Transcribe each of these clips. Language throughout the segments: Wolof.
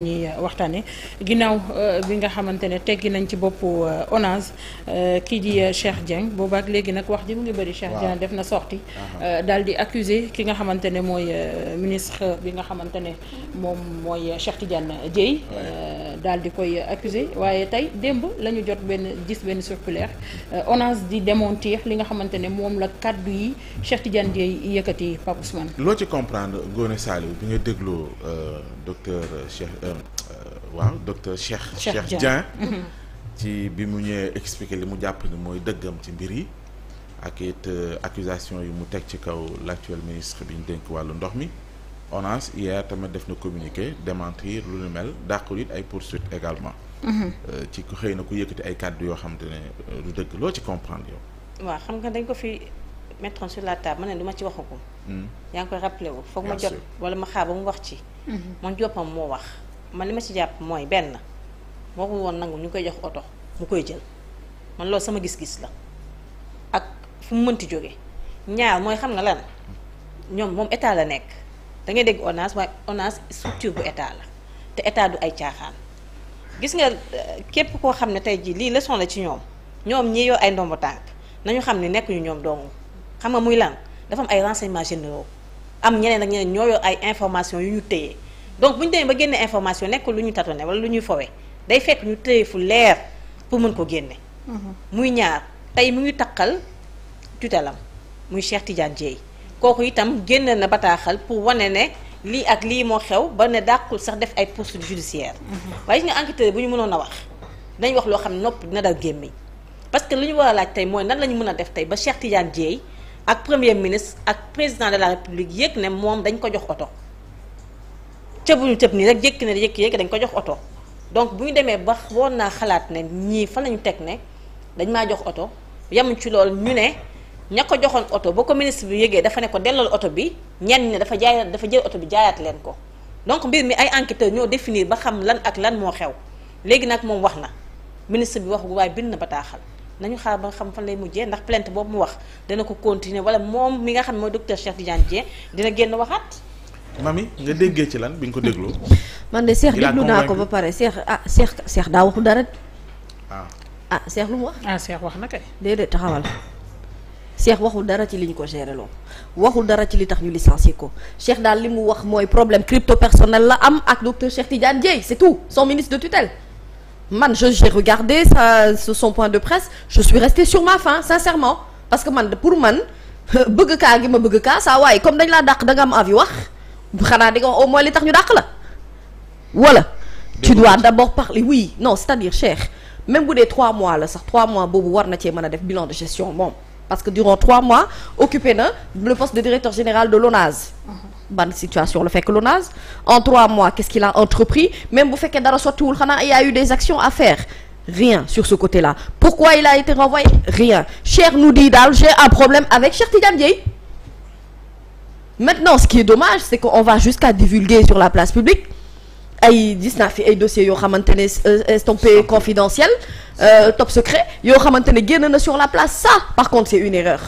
ñuy waxtaane ginnaaw euh, bi nga xamante ne teggi nañ ci boppu euh, ONAS euh, kii di Cheikh Dieng boobaak léegi nag wax ji mu ngi bëri Cheikh Dieng def na sorti uh-huh. daal di accuser ki nga xamante ne mooy ministre bi nga xamante ne moom mooy Cheikh Tidiane Dièye daal di koy accuser waaye tey démb la jot benn gis benn circulaire ONAS di démentir li nga xamante ne moom la kàddu yi Cheikh Tidiane Dièye yëkkati Pape Ousmane loo ci comprendre Ngoné Saliou bi nga dégloo docteur Cheikh Euh, waaw docteur Cheikh Cheikh Dieng ci bi mu ñëwee expliqué li mu jàpp ni mooy dëggam ci mbir yi ak it euh, accusation yi mu teg ci kaw l'actuel ministre bi ñu dénk wàllu ndox mi ONAS hier tamit def na communiqué démentir lu nu mel dàqul it ay poursuites également mhm. euh, ci ku xëy na ku yëkkati ay kàddu yoo xam te ne lu dëgg loo ci comprendre yow waaw xam nga dañ ko fi mettre sur la table ne du ma ci waxagum hmm. yaa ngi koy rappelé wu ma jot wala ma xaar ba man li ma ci jàpp mooy benn waxu woon nangu ñu koy jox oto mu koy jël man lool sama gis-gis la ak fu mu mënti jóge ñaar mooy xam nga lan ñoom moom état la nekk da ngay dégg ONAS waaye ONAS structure bu état la te état du ay caaxaan gis nga euh, képp koo xam ne tey jii lii leçon la ci ñoom ñoom ñi yoo ay ndombo tànk nañu xam ne nekkuñu ñoom dong xam nga muy lan dafa ay renseignements généraux am ñeneen ak ñeneen ñoo yor ay information yu ñu téye donc bu ñu demee ba génne information nekk lu ñu ne wala lu ñuy fowee day fekk ñu téye fu leer pour mën ko génne. Mhm. muy ñaar tey mu ngi taqal tutelam muy Cheikh Tidiane Dieye kooku itam génnee na bataaxal pour wane ne lii ak lii moo xew ba ne dàqul sax def ay poursuites judiciaires. Mhm. waaye gis nga enquêteur bu ñu mënoon a wax dañ wax loo xam ne nopp dina dal gémmiñ parce que lu ñu war a laaj tey mooy nan la ñu mën a def tey ba Cheikh Tidiane Dieye ak premier ministre ak président de la république yëg ne moom dañ ko jox oto. tëbuñu tëb nii rek jékki na jékki-jékki dañ ko jox oto donc bu ñu demee ba woon naa xalaat ne ñii fa lañu teg ne dañ maa jox oto yemuñ ci lool ñu ne ña ko joxoon oto boo ko ministre bi yëgee dafa ne ko delloo oto bi ñenn ne dafa jaay dafa jël oto bi jaayaat leen ko donc mbir mi ay enquêteurs ñoo définir ba xam lan ak lan moo xew léegi nag moom wax na ministre bi wax gu waaye bind na bataaxal nañu xaar ba nga xam fan lay mujjee ndax plainte boobu mu wax dana ko continuer wala moom mi nga xam mooy docteur Cheikh Tidiane Dieng dina génn waxaat mami nga déggee ci lan bi nga ko dégloo. man de Cheikh déglu naa ko ba pare Cheikh ah seex daa waxul dara. ah ah Cheikh lu mu wax. ah Cheikh wax na kay. déedéet taxawal. Cheikh waxul dara ci li ñu ko géré waxul dara ci li tax ñu licencier ko Cheikh daal li mu wax mooy problème crypto personnel la am ak docteur Cheikh Tidiane Dièye c'est tout son ministre de tutelle. man je j'ai regardé sa son point de presse je suis restée sur ma faim sincèrement parce que man pour man bëgg kaa gi ma bëgg kaa saa waaye comme dañ laa dàq da nga am avis wax. xanaa di nga wax au moins li tax ñu dàq la wala tu dois d'abord parler oui non c'est-à-dire Cheikh même bu dee trois mois la sax trois mois boobu war na cee mën a def bilan de gestion moom parce que durant trois mois occupé na le poste de directeur général de l'ONAS uh-huh. ban situation la fekk l'ONAS en trois mois qu'est-ce qu'il a entrepris même bu fekkee dara sottiwul xanaa il y a eu des actions à faire rien sur ce côté-là pourquoi il a été renvoyé daal j'ai un problème avec maintenant ce qui est dommage c'est qu'on va jusqu'à divulguer sur la place publique ay gis naa fi ay yoo xamante ne euh, estompé confidentiel euh, top secret yoo xamante ne génn na sur la place ça par contre c'est une erreur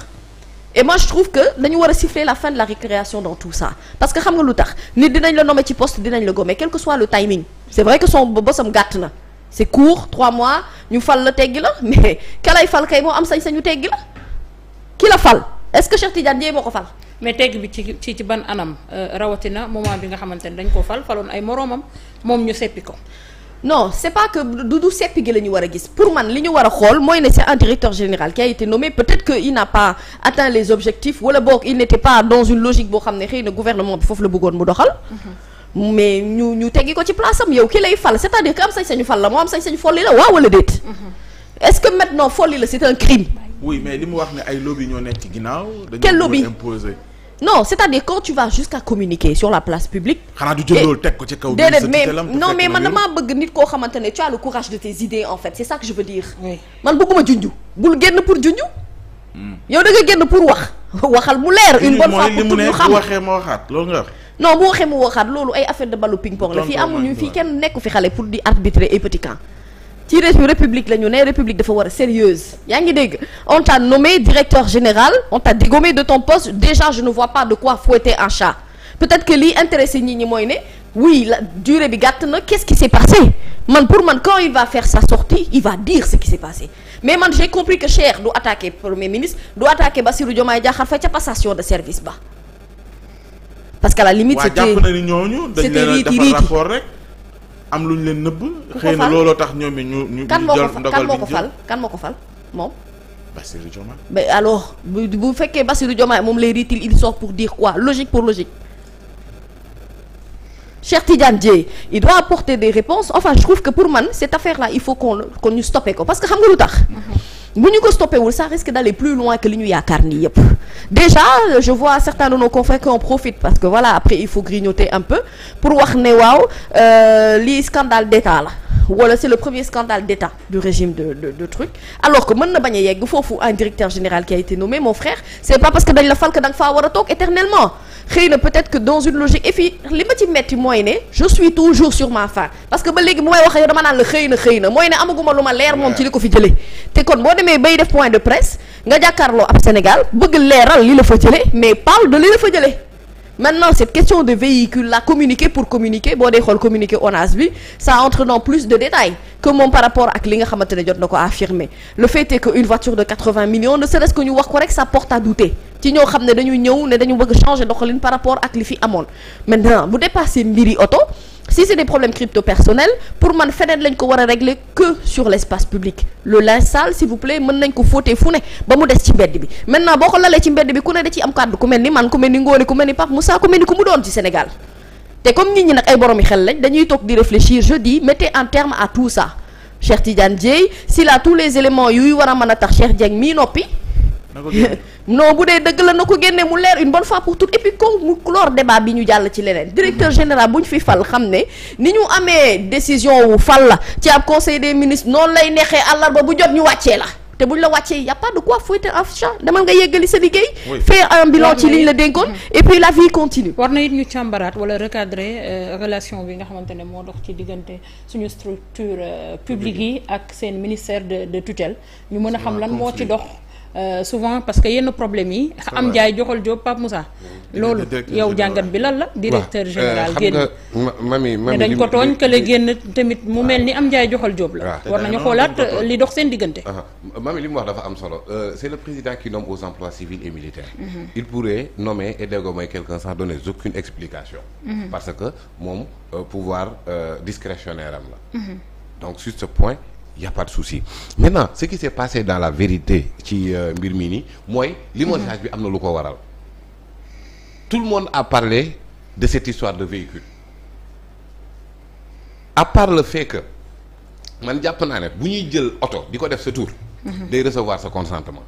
et moi je trouve que dañu war a siffler la fin de la récréation dans tout ça parce que xam na lu tax nit dinañ la nommer ci poste dinañ la gommer quel que soit le timing c'est vrai que son bosam gàtt na c'est court trois mois ñu fal la teggi la mais kalay fal moo am sañ-sañu teggi la ki la est-ce que Cheikh Tidiane Dièye mais tegg bi ci ci ban anam euh, rawatina moment bi nga xamante ne dañ ko fal faloon ay moroomam moom ñu seppi ko. non c'est pas que du du seppi gi la ñu war a gis pour man li ñu war a xool mooy ne c'est un directeur général qui a été nommé peut-être que il n'a pas atteint les objectifs wala boog il n'était pas dans une logique boo xam ne xëy na gouvernement bi foofu la bëggoon mu doxal. Mm-hmm. mais ñu ñu teggi ko ci place am yow ki lay fal c'est-à-dire que am sañ moo am sañ-sañu folli la waaw wala déet. Mm-hmm. est-ce que non c'est-à-dire quand tu vas jusqu'à communiquer sur la place publique. Eh, ko ci déedéet mais non mais man damaa bëgg nit koo xamante ne tu as le courage de tes idées en fait c'est ça que je veux dire. man bëgguma junj. bul génn pour junj. Hmm. yow da génn pour wax. waxal mu leer une bonne fois pour tout ñu xam wax. non bu waxee mu waxaat loolu ay affaire de balu ping pong la fii amuñu fii kenn nekku fi xale pour di arbitrer ay petit ci république la ñu ne république dafa war a sérieuse yaa ngi dégg on t'a nommé directeur général on t'a dégommé de ton poste déjà je ne vois pas de quoi fouetter un peut-être que lii intéressé nit ñi oui la durée bi gàtt na qu'est-ce qui s'est passé man pour man quand il va faire sa sortie il va dire ce qui s'est passé mais man j'ai compris que Cheikh du attaquer premier ministre du attaquer Bassirou Diomaye Diakhar Faye ca passation de service ba parce que à la limite c'était am lu ñu leen nëbb. xëy na looloo tax ñoom ñu ñu. kan moo ko kan moo ko fal kan moo ko fal moom. Bassirou Diomaye. mais alors bu bu fekkee Bassirou Diomaye moom lay ritil il sort pour dire quoi logique pour logique. Cheikh Tidiane Dièye il doit apporter des réponses enfin trouve que pour man cette affaire là il faut qu'on qu'on ñu stoppé ko parce que xam nga lu tax. Mm-hmm. bu ñu ko stoppé wul sa risque d'aller plus loin que li ñu yaakaar nii yëpp déjà je vois certains de nos confrères qui en parce que voilà après il faut grignoter un peu pour wax ne waaw euh, lii scandale d'État la wala c'est le premier scandale d'État du régime de de de truc alors que mën na bañ a yegg foofu un directeur général qui a été nommé mon frère c'est pas parce que dañ la fal que da nga faa a toog éternellement xëy na peut-être que dans une logique et puis li ma ci metti mooy ne je suis toujours sur ma faim parce que ba léegi bu may wax dama naan la xëy na xëy na mooy ne amaguma lu ma leer moom ci li ko fi jëlee te kon boo demee bay def point de presse nga jàkkaarloo ab Sénégal bëgg leeral li la fa jëlee mais parle de li la fa jëlee maintenant cette question de véhicule la communiquer pour communiquer boo dee xool communiquer ONAS bi ça entre dans plus de détails que moom par rapport ak li nga xamante jot na ko affirmer le fait est que une voiture de 80 millions ne serait-ce que ñu wax ko rek ça porte à ci ñoo xam ne dañu ñëw ne dañu bëgg changer doxalin par rapport ak li fi amoon maintenant bu dépassé mbiri oto si c'est des problèmes crypto personnels pour man feneen lañ ko war a que sur l'espace public le linge sale vous plaît mën nañ ko fóotee fu ne ba mu des ci mbedd bi maintenant boo ko lalee ci mbedd ne da ciy am kàddu te comme nit ñi nag ay boromi xel lañ dañuy toog di réfléchir je dis mettez un terme à tout ça Cheikh Tidiane Dieye s'il a tous les éléments yuy war a mën a tax Cheikh Dieng mii noppi noo bu dee dëgg la na ko génne mu leer une bonne fois pour toutes et comme mu clore bi ñu jàll ci leneen directeur général bu ñu fi fal xam ne ni ñu amee décision wu fal la ci ab conseil des ministre noonu lay neexee àllarba bu jot ñu wàccee la te buñ la wàccee y' a pas de quoi fouetter demal nga yeggali sa liggéey. faire un bilan ci liñ la dénkoon. Mhm. et puis la vie continue. war na it ñu càmbaraat wala recadrer euh, relation bi nga xamante ne moo dox ci diggante suñu structure euh, publique yi ak seen ministère de de tutelle ñu mën a xam lan moo ci dox. Euh, souvent parce que yenn problème yi. am jaay joxal Diop Pape Moussa. loolu yow jàngat bi lan la. directeur euh, général génn xam nga mami dañ ko tooñ kële génn tamit mu ah. mel ni am jaay joxal Diop la. Ah. war nañu xoolaat li dox seen diggante. Ah, mami li mu wax dafa am solo euh, c'est le président qui nomme aux emplois civils et militaires. Mhm. il pourrait nommer et dégommer quelqu'un sans donner aucune explication. Mhm. parce que moom pouvoir discrétionnaire am la. Mhm. donc sur ce point. y a pas de souci maintenant ce qui s'est passé dans la vérité ci euh, mbir mi nii mooy limogeage bi am na lu ko waral tout le monde a parlé de cette histoire de véhicule à part le man jàpp naa ne bu ñuy jël oto di ko def sa tour day recevoir sa consentement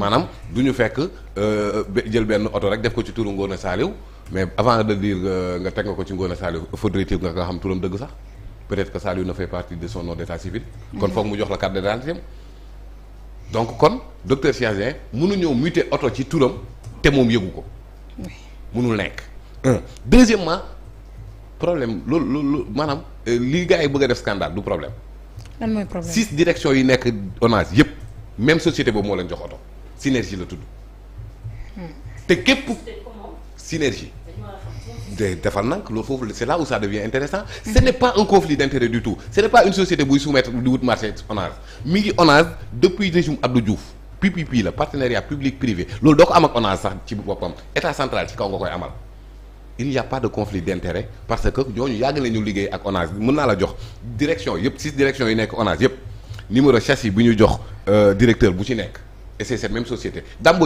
maanaam du ñu fekk euh, jël benn oto rek def ko ci turu Ngone Saliou mais avant de dire euh, nga teg nga ko ci Ngone Saliou faudrait-il nga nga xam turam dëgg sax peut-être que Saliou ne fait partie de son nom d'état civil. kon foog mu jox la carte d'identité donc kon docteur Cheikh Dieng mënu ñëw muté oto ci turam te moom yëgu ko. mënul nekk. deuxièmement problème loolu loolu maanaam euh, li gars yi bëgg a def scandale du problème. lan mooy problème six directions yi nekk ONAS yëpp même société boobu moo leen jox oto synergie la tudd. Hmm. te képp synergie. defal nank loolu foofu c'est là où ça devient intéressant ce n'est pas un conflit d'intérêt du tout ce n'est pas une société buy soumettre di wut marché ONAS mi ngi ONAS depuis régime Abdou Diouf PPP la partenariat public privé loolu doo ko am ak ONAS sax ci boppam état central ci kaw nga koy amal il n'y a pas de conflit d'intérêt parce que ñooñu yàgg nañu liggéey ak ONAS mën naa la jox direction yëpp six directions yi nekk yëpp numéro châssis bi ñu jox euh, directeur bu ci nekk et c'est cette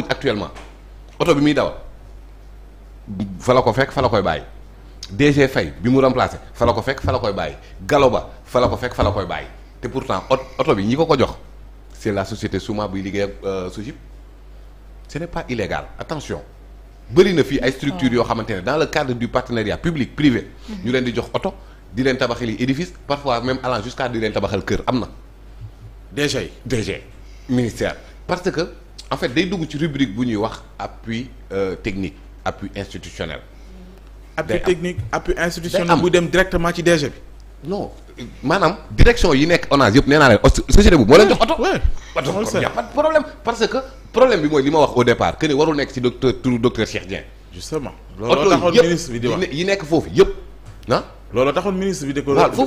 actuellement oto bi muy dawal fa la ko fekk fa la koy bàyyi DG Faye bi mu remplacé fa la ko fekk fa la koy bàyyi ba fa la ko fekk fa la koy bàyyi te pourtant oto bi ñi ko ko jox c'est la société Souma buy liggéey ak euh, Sojib ce n'est pas illégal attention bëri na fii ay structures yoo xamante ne dans le cadre du partenariat public privé mhm. ñu leen di jox oto di leen tabaxali édifice parfois même allan jusqu'à di leen tabaxal kër am na DG yi DG ministère parce que en fait day dugg ci rubrique bu ñuy wax appui euh, technique appui institutionnel. appui technique appui institutionnel buy dem directement ci DG bi. non maanaam direction yi nekk ONAS yëpp nee naa leen société bu moo leen jox oto. oto kon y' problème parce que problème bi mooy li ma wax au départ que ni warul nekk ci docteur turu docteur Cheikh Dieng. justement looloo taxoon ministre bi di wax yi nekk foofu yëpp ah. looloo taxoon ministre bi di ko.